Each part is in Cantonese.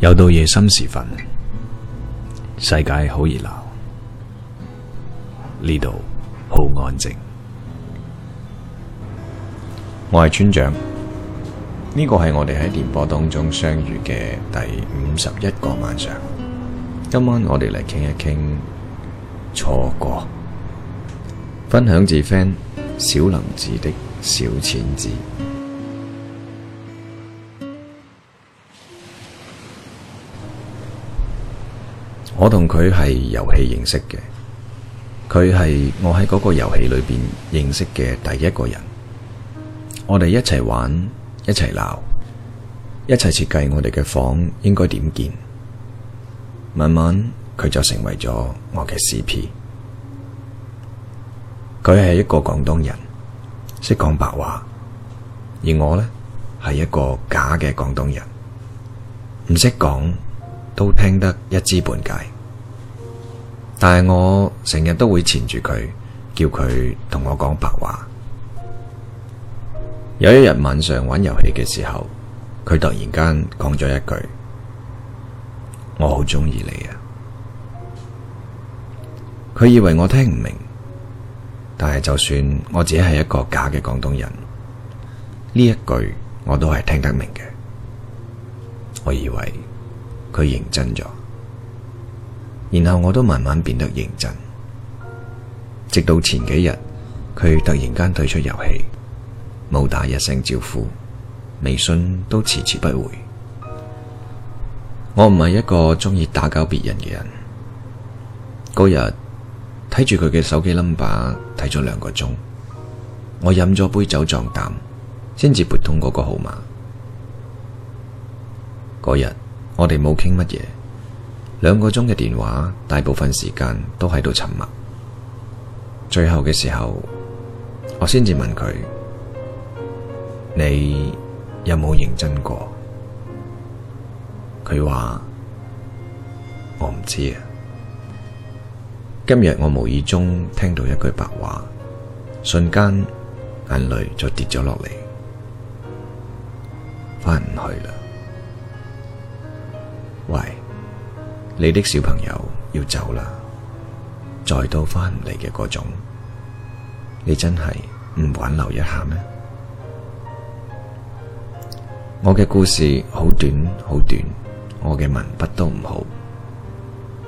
又到夜深時分，世界好熱鬧，呢度好安靜。我係村長，呢個係我哋喺電波當中相遇嘅第五十一個晚上。今晚我哋嚟傾一傾錯過，分享自 FAN，小林子的小淺子」。我同佢係遊戲認識嘅，佢係我喺嗰個遊戲裏邊認識嘅第一個人。我哋一齊玩，一齊鬧，一齊設計我哋嘅房應該點建。慢慢佢就成為咗我嘅 CP。佢係一個廣東人，識講白話，而我呢，係一個假嘅廣東人，唔識講。都聽得一知半解，但係我成日都會纏住佢，叫佢同我講白話。有一日晚上玩遊戲嘅時候，佢突然間講咗一句：我好鍾意你啊！佢以為我聽唔明，但係就算我自己係一個假嘅廣東人，呢一句我都係聽得明嘅。我以為。佢認真咗，然後我都慢慢變得認真，直到前幾日，佢突然間退出遊戲，冇打一聲招呼，微信都遲遲不回。我唔係一個中意打攪別人嘅人。嗰日睇住佢嘅手機 number 睇咗兩個鐘，我飲咗杯酒壯膽，先至撥通嗰個號碼。嗰日。我哋冇傾乜嘢，兩個鐘嘅電話，大部分時間都喺度沉默。最後嘅時候，我先至問佢：你有冇認真過？佢話：我唔知啊。今日我無意中聽到一句白話，瞬間眼淚就跌咗落嚟，翻唔去啦。喂，你的小朋友要走啦，再都翻唔嚟嘅嗰種，你真係唔挽留一下咩？我嘅故事好短，好短，我嘅文筆都唔好，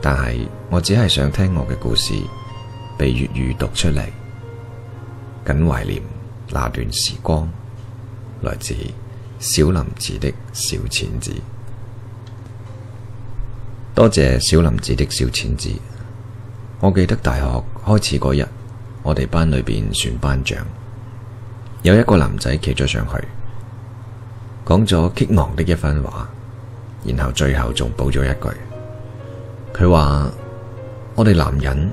但係我只係想聽我嘅故事被粵語讀出嚟，僅懷念那段時光。來自小林子的小淺子。多謝小林子的小淺子。我記得大學開始嗰日，我哋班裏邊選班長，有一個男仔企咗上去，講咗激昂的一番話，然後最後仲補咗一句：佢話我哋男人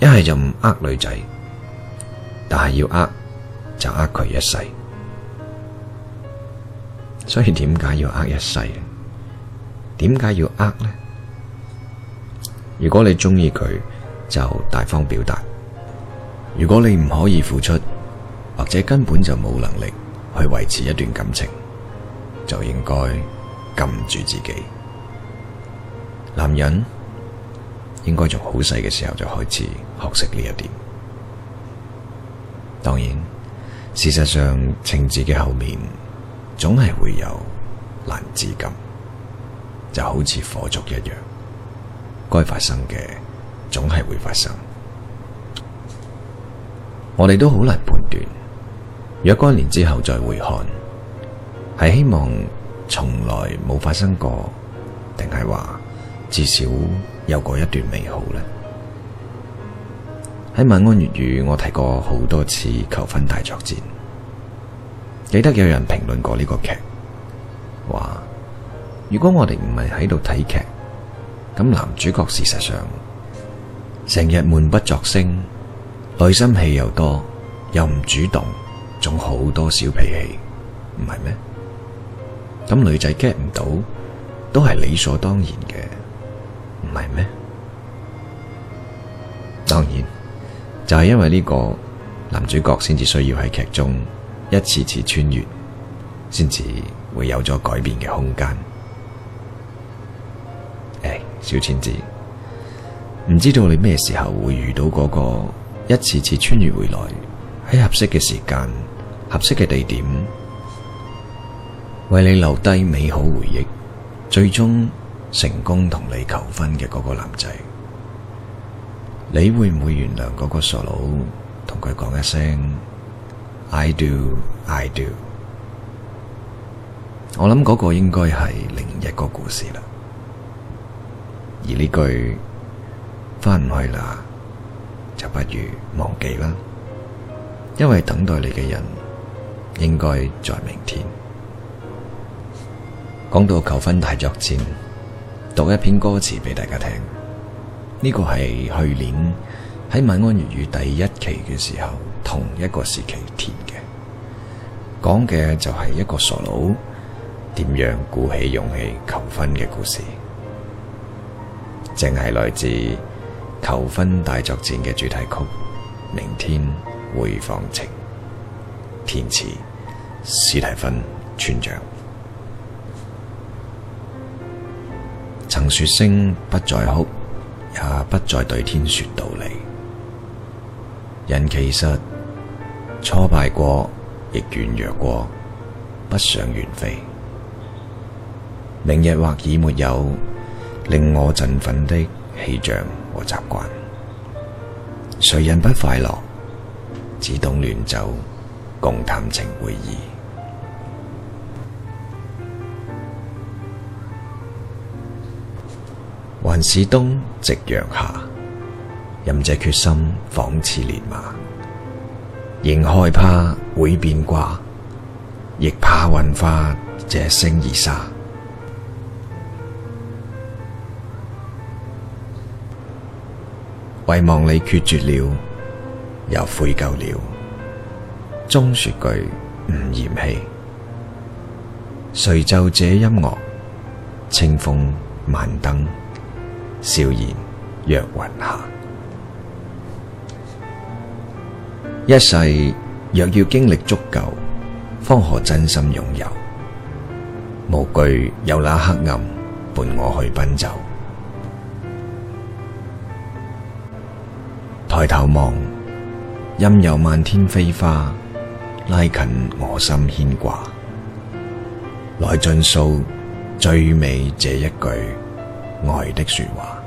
一係就唔呃女仔，但係要呃就呃佢一世。所以點解要呃一世？點解要呃呢？如果你中意佢，就大方表達；如果你唔可以付出，或者根本就冇能力去維持一段感情，就應該禁住自己。男人應該從好細嘅時候就開始學識呢一點。當然，事實上情字嘅後面總係會有難字咁。就好似火燭一樣，該發生嘅總係會發生。我哋都好難判斷，若干年之後再回看，係希望從來冇發生過，定係話至少有過一段美好呢？喺晚安粵語，我提過好多次求婚大作戰，記得有人評論過呢個劇，話。如果我哋唔係喺度睇劇，咁男主角事實上成日悶不作聲，內心戲又多，又唔主動，仲好多小脾氣，唔係咩？咁女仔 get 唔到，都係理所當然嘅，唔係咩？當然就係因為呢個男主角先至需要喺劇中一次次穿越，先至會有咗改變嘅空間。小淺子，唔知道你咩時候會遇到嗰個一次次穿越回來，喺合適嘅時間、合適嘅地點，為你留低美好回憶，最終成功同你求婚嘅嗰個男仔，你會唔會原諒嗰個傻佬？同佢講一聲 I do，I do。我諗嗰個應該係另一個故事啦。而呢句翻唔去啦，就不如忘記啦。因為等待你嘅人應該在明天。講到求婚大作戰，讀一篇歌詞俾大家聽。呢個係去年喺晚安粵語第一期嘅時候，同一個時期填嘅。講嘅就係一個傻佬點樣鼓起勇氣求婚嘅故事。正係來自求婚大作戰嘅主題曲《明天會放晴》，填詞史蒂芬村長。曾說聲不再哭，也不再對天說道理，人其實挫敗過，亦軟弱過，不想遠飛，明日或已沒有。令我振奮的氣象和習慣，誰人不快樂？只懂亂走共，共談情回憶，環市東夕陽下，任這決心仿似烈馬，仍害怕會變卦，亦怕幻化這星而沙。遺忘你決絕了，又悔疚了，終說句唔嫌棄。隨就這音樂，清風晚燈，笑言若雲霞。一世若要經歷足夠，方可真心擁有。無懼有那黑暗伴我去奔走。抬頭望，任由漫天飛花拉近我心牽掛，來盡數最美這一句愛的說話。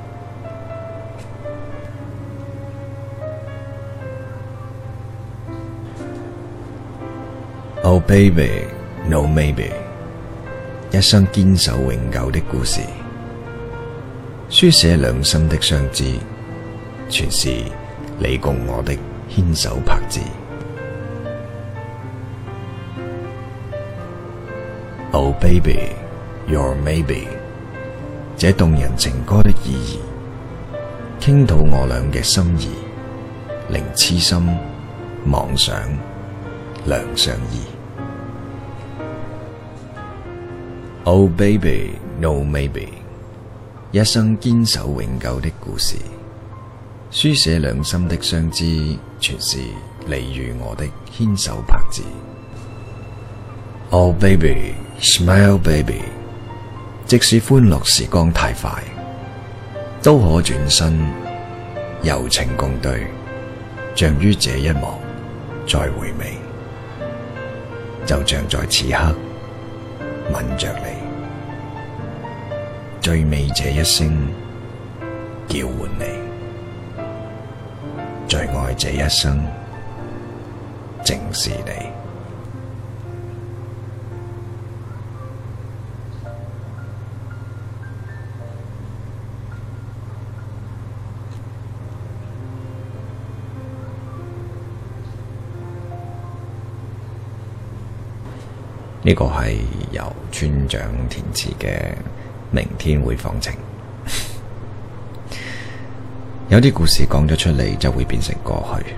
Oh baby, no maybe，一生堅守永久的故事，書寫兩心的相知，全是。你共我的牽手拍子，Oh baby, your maybe，這動人情歌的意義，傾吐我倆嘅心意，令痴心妄想兩相宜。Oh baby, no maybe，一生堅守永久的故事。書寫兩心的相知，全是你與我的牽手拍子。Oh baby, smile baby，即使歡樂時光太快，都可轉身柔情共對，像於這一幕再回味，就像在此刻吻着你，最美這一聲叫喚你。最愛這一生，正是你。呢個係由村長填詞嘅《明天會放晴》。有啲故事講咗出嚟就會變成過去。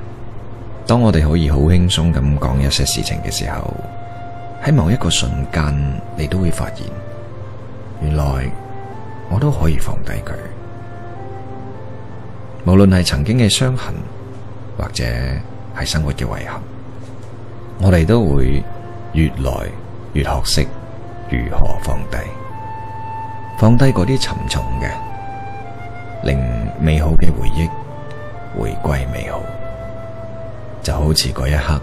當我哋可以好輕鬆咁講一些事情嘅時候，喺某一個瞬間，你都會發現，原來我都可以放低佢。無論係曾經嘅傷痕，或者係生活嘅遺憾，我哋都會越來越學識如何放低，放低嗰啲沉重嘅。令美好嘅回憶回歸美好，就好似嗰一刻，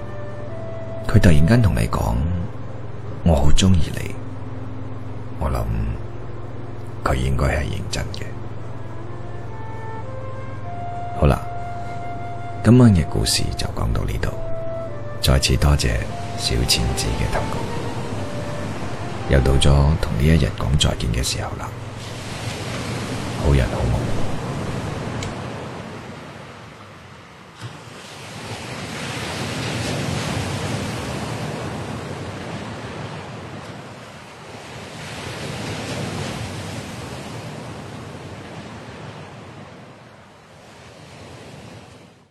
佢突然間同你講：我好中意你。我諗佢應該係認真嘅。好啦，今晚嘅故事就講到呢度。再次多謝小淺子嘅投稿。又到咗同呢一日講再見嘅時候啦。